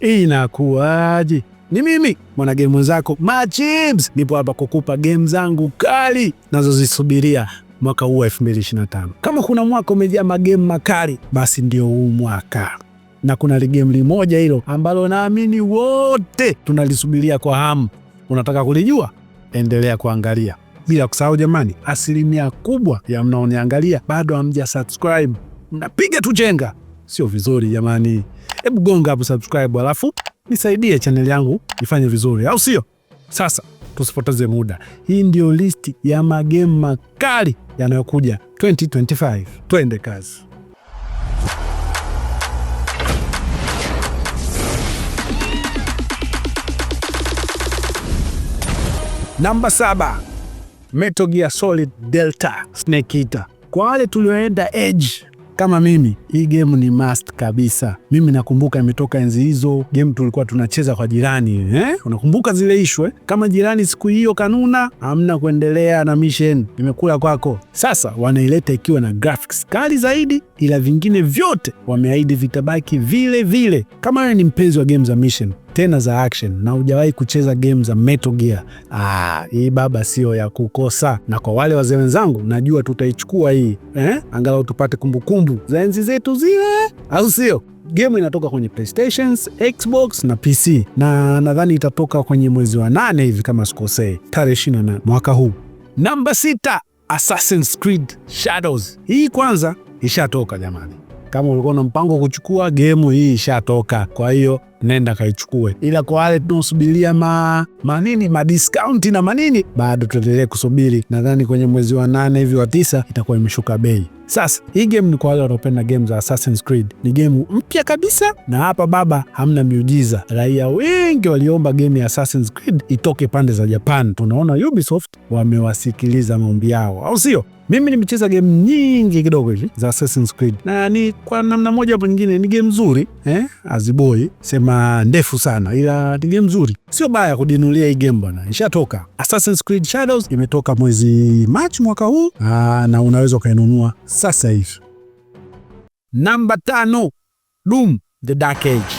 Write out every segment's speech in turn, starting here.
Inakuwaje? Ni mimi mwana gemu mwenzako Machibs, nipo hapa kukupa gemu zangu kali nazozisubiria mwaka huu wa 2025. Kama kuna mwaka umejaa magemu makali, basi ndio huu mwaka, na kuna ligemu limoja hilo ambalo naamini wote tunalisubiria kwa hamu. Unataka kulijua? Endelea kuangalia bila kusahau. Jamani, asilimia kubwa ya mnaoniangalia bado hamja subscribe, mnapiga tu chenga Sio vizuri jamani, hebu gonga hapo subscribe, alafu nisaidie chaneli yangu ifanye vizuri, au sio? Sasa tusipoteze muda, hii ndiyo listi ya magemu makali yanayokuja 2025. Twende kazi. Namba saba, Metal Gear Solid Delta Snake Eater. Kwa wale tulioenda Edge kama mimi, hii game ni must kabisa. Mimi nakumbuka imetoka enzi hizo game tulikuwa tunacheza kwa jirani eh? Unakumbuka zile ishwe, eh? kama jirani siku hiyo kanuna, hamna kuendelea na mission, imekula kwako. Sasa wanaileta ikiwa na graphics kali zaidi, ila vingine vyote wameahidi vitabaki vile vile. Kama wewe ni mpenzi wa game za mission tena za action na hujawahi kucheza game za Metal Gear, ah, hii baba sio ya kukosa. Na kwa wale wazee wenzangu, najua tutaichukua hii eh, angalau tupate kumbukumbu za enzi zetu zile, au sio? Game inatoka kwenye PlayStation, Xbox na PC na nadhani itatoka kwenye mwezi wa nane hivi kama sikosei, tarehe 28 mwaka huu. Namba sita, Assassin's Creed Shadows. Hii kwanza ishatoka jamani. Kama ulikuwa na mpango wa kuchukua, gemu hii ishatoka, kwa hiyo nenda kaichukue. Ila kwa wale tunaosubiria ma manini madiskaunti na manini, bado tuendelee kusubiri. Nadhani kwenye mwezi wa nane hivi wa tisa itakuwa imeshuka bei. Sasa hii game ni kwa wale wanaopenda game za Assassin's Creed. Ni game mpya kabisa, na hapa baba, hamna miujiza. Raia wengi waliomba game ya Assassin's Creed itoke pande za Japan. Tunaona Ubisoft wamewasikiliza maombi yao, au sio? Mimi nimecheza game nyingi kidogo hivi za Assassin's Creed, na ni kwa namna moja au nyingine ni game nzuri eh, aziboi sema ndefu sana, ila ni game nzuri, sio baya kudinulia hii game bwana. Ishatoka Assassin's Creed Shadows, imetoka mwezi Machi mwaka huu aa, ah, na unaweza ukainunua sasa hivi. Namba tano, Doom the Dark Age.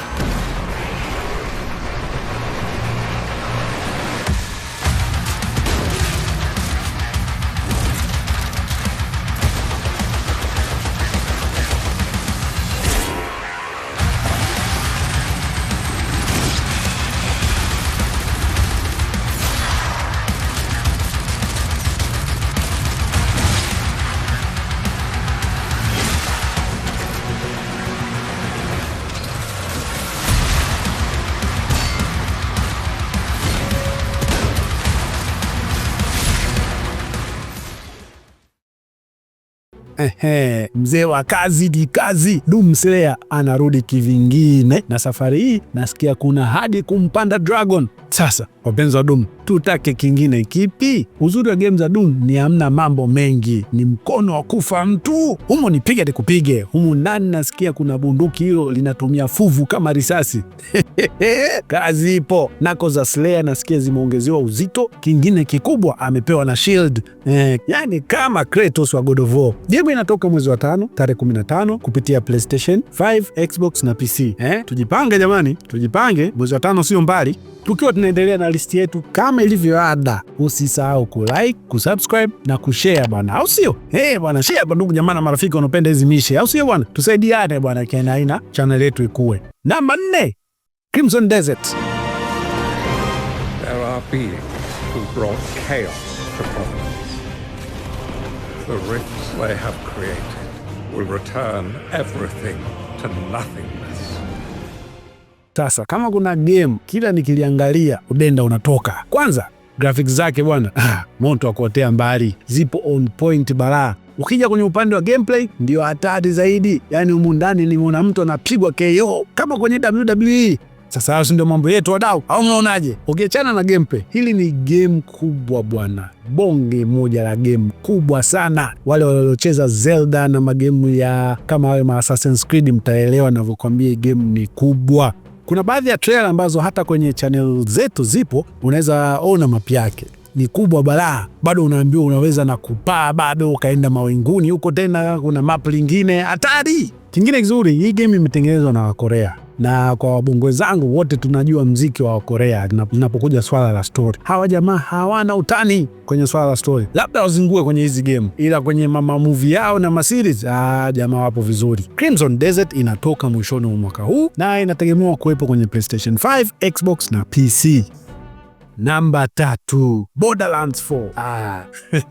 Ehe, mzee wa kazi di kazi Dumslea anarudi kivingine, na safari hii nasikia kuna hadi kumpanda dragon sasa wapenzi wa Doom, tutake kingine kipi? Uzuri wa game za Doom ni hamna mambo mengi, ni mkono wa kufa mtu humo, nipige nikupige humu. Nani nasikia kuna bunduki hilo linatumia fuvu kama risasi kazi ipo. Nako za Slayer nasikia zimeongezewa uzito, kingine kikubwa amepewa na shield eh, yani kama Kratos wa God of War. Game inatoka mwezi wa tano tarehe 15 kupitia PlayStation 5, Xbox na PC eh? Tujipange jamani, tujipange, mwezi wa tano sio mbali, tukiwa tunaendelea na playlist yetu kama ilivyo ada. Usisahau kulike, kusubscribe na kushare bwana, au sio? Eh bwana, share kwa ndugu jamaa na marafiki wanaopenda hizi mishe, au sio bwana? Tusaidiane bwana, kiana aina channel yetu ikue. Namba 4, Crimson Desert. There are beings who brought chaos to us. The rifts they have created will return everything to nothing. Sasa kama kuna game kila nikiliangalia udenda unatoka, kwanza graphics zake bwana, ah, moto wa kuotea mbali, zipo on point balaa. Ukija kwenye upande wa gameplay ndio hatari zaidi, yaani humu ndani nimeona mtu anapigwa KO kama kwenye WWE. Sasa hayo ndio mambo yetu wadau, au mnaonaje? Ukiachana na gameplay, hili ni game kubwa bwana, bonge moja la game kubwa sana. Wale waliocheza Zelda na magemu ya kama awe ma Assassin's Creed mtaelewa navyokwambia game ni kubwa. Kuna baadhi ya trailer ambazo hata kwenye channel zetu zipo, unaweza ona mapi yake ni kubwa balaa, bado unaambiwa unaweza na kupaa, bado ukaenda mawinguni huko. Tena kuna map lingine hatari. Kingine kizuri, hii game imetengenezwa na Wakorea na kwa wabongo zangu wote tunajua mziki wa Korea linapokuja swala la stori, hawa jamaa hawana utani kwenye swala la stori, labda wazingue kwenye hizi gemu ila kwenye mamamuvi yao na maseries ah, jamaa wapo vizuri. Crimson Desert inatoka mwishoni mwa mwaka huu na inategemewa kuwepo kwenye PlayStation 5, Xbox na PC. Namba tatu, Borderlands 4. Ah.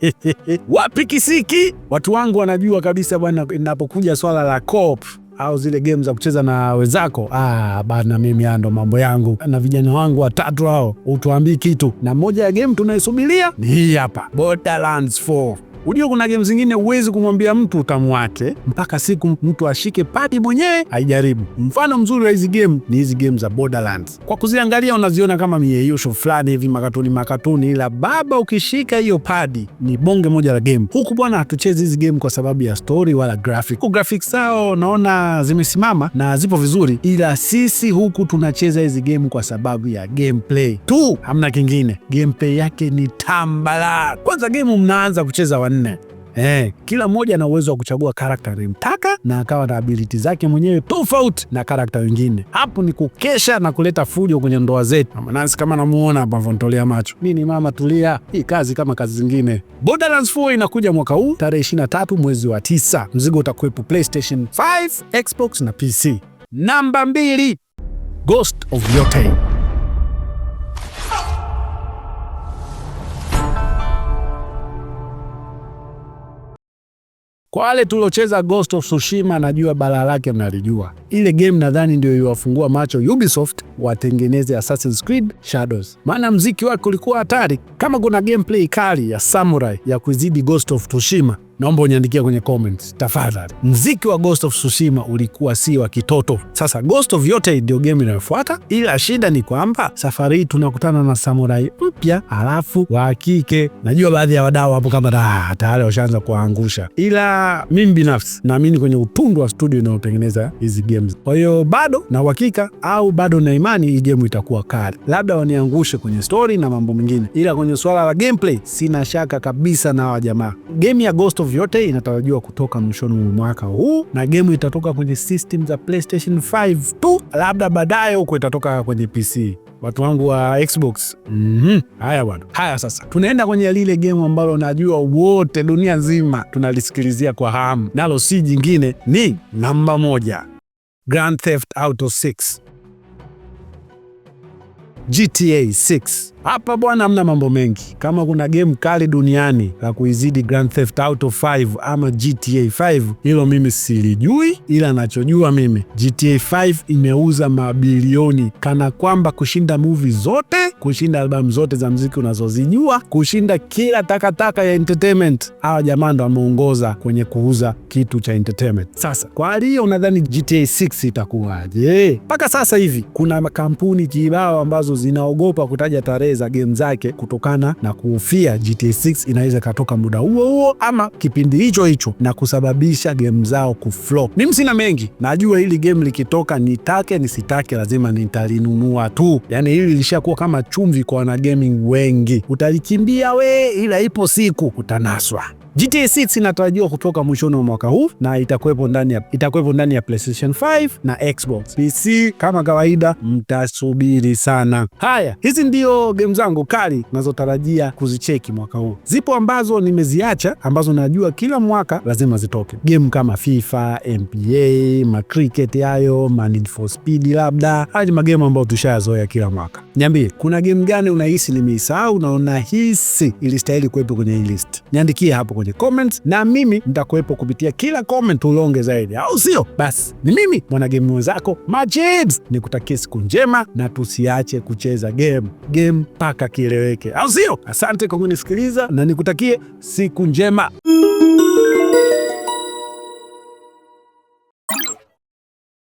Wapi kisiki? Watu wangu wanajua kabisa bwana, inapokuja swala la co au zile game za kucheza na wenzako. Ah bana, mimi ando mambo yangu na vijana wangu watatu hao, utuambii kitu. Na moja ya game tunaisubiria ni hii hapa Borderlands 4. Unajua kuna game zingine huwezi kumwambia mtu utamu wake mpaka siku mtu ashike pati mwenyewe aijaribu. Mfano mzuri wa hizi game ni hizi game za Borderlands. Kwa kuziangalia unaziona kama mieyusho fulani hivi makatuni makatuni, ila baba ukishika hiyo padi ni bonge moja la game. Huku bwana hatuchezi hizi game kwa sababu ya story wala graphic. Huku graphics zao naona zimesimama na zipo vizuri, ila sisi huku tunacheza hizi game kwa sababu ya gameplay tu, hamna kingine. Gameplay yake ni tambala. Kwanza game mnaanza kucheza wana nne. Eh, kila mmoja ana uwezo wa kuchagua karakta anayemtaka na akawa na abiliti zake mwenyewe tofauti na karakta wengine. Hapo ni kukesha na kuleta fujo kwenye ndoa zetu. Mama Nancy kama namuona hapa avontolea macho. Nini mama, tulia. Hii kazi kama kazi zingine. Borderlands 4 inakuja mwaka huu tarehe 23 mwezi wa tisa. Mzigo utakuwepo PlayStation 5, Xbox na PC. Namba mbili, Ghost of Yotei. Kwa wale tuliocheza Ghost of Tsushima, najua balaa lake mnalijua. Ile game nadhani ndio iliwafungua macho Ubisoft watengeneze Assassin's Creed Shadows, maana mziki wake ulikuwa hatari. Kama kuna gameplay kali ya samurai ya kuzidi Ghost of Tsushima naomba uniandikia kwenye comments tafadhali. Mziki wa Ghost of Tsushima ulikuwa si wa kitoto. Sasa Ghost of yote ndio game inayofuata, ila shida ni kwamba safari hii tunakutana na samurai mpya halafu wa kike. Najua baadhi ya wadau hapo kama ah, tayari washaanza kuwaangusha, ila mimi binafsi naamini kwenye utundu wa studio inayotengeneza hizi games. Kwa hiyo bado na uhakika au bado na imani hii game itakuwa kali, labda waniangushe kwenye story na mambo mengine, ila kwenye swala la gameplay sina shaka kabisa na wajamaa. Game ya Ghost of vyote inatarajiwa kutoka mwishoni mwa mwaka huu, na gemu itatoka kwenye system za PlayStation 5 tu, labda baadaye huko itatoka kwenye PC. Watu wangu wa Xbox. Mm -hmm. Haya bwana. Haya sasa, tunaenda kwenye lile gemu ambalo najua wote dunia nzima tunalisikilizia kwa hamu, nalo si jingine, ni namba moja, Grand Theft Auto 6, GTA 6. Hapa bwana, hamna mambo mengi. Kama kuna game kali duniani la kuizidi Grand Theft Auto 5 ama GTA 5, hilo mimi silijui, ila nachojua mimi GTA 5 imeuza mabilioni, kana kwamba kushinda movie zote, kushinda albamu zote za mziki unazozijua, kushinda kila takataka ya entertainment. Hawa jamaa ndo wameongoza kwenye kuuza kitu cha entertainment. Sasa kwa hali hiyo, unadhani GTA 6 itakuwaje? Mpaka sasa hivi kuna kampuni kibao ambazo zinaogopa kutaja tarehe za game zake kutokana na kuhofia GTA 6 inaweza ikatoka muda huo huo ama kipindi hicho hicho na kusababisha game zao kuflop. Mimi sina mengi, najua hili game likitoka, nitake nisitake, lazima nitalinunua tu. Yani hili lishakuwa kama chumvi kwa wanagaming wengi, utalikimbia we, ila ipo siku utanaswa. GTA 6 inatarajiwa kutoka mwishoni mwa mwaka huu na itakuwepo ndani ya itakuwepo ndani ya PlayStation 5 na Xbox. PC kama kawaida mtasubiri sana. Haya, hizi ndio game zangu kali nazotarajia kuzicheki mwaka huu. Zipo ambazo nimeziacha ambazo najua kila mwaka lazima zitoke. Game kama FIFA, NBA, ma cricket hayo, ma Need for Speed labda. Haya ni magemu ambayo tushayazoea kila mwaka. Niambie, kuna game gani unahisi nimeisahau na unahisi ilistahili kuwepo kwenye hii list? Niandikie hapo kwenye kwenye comments, na mimi nitakuwepo kupitia kila comment ulonge zaidi, au sio? Basi ni mimi mwana game mwenzako Majibs, nikutakie siku njema na tusiache kucheza game game mpaka kieleweke, au sio? Asante kwa kunisikiliza na nikutakie siku njema.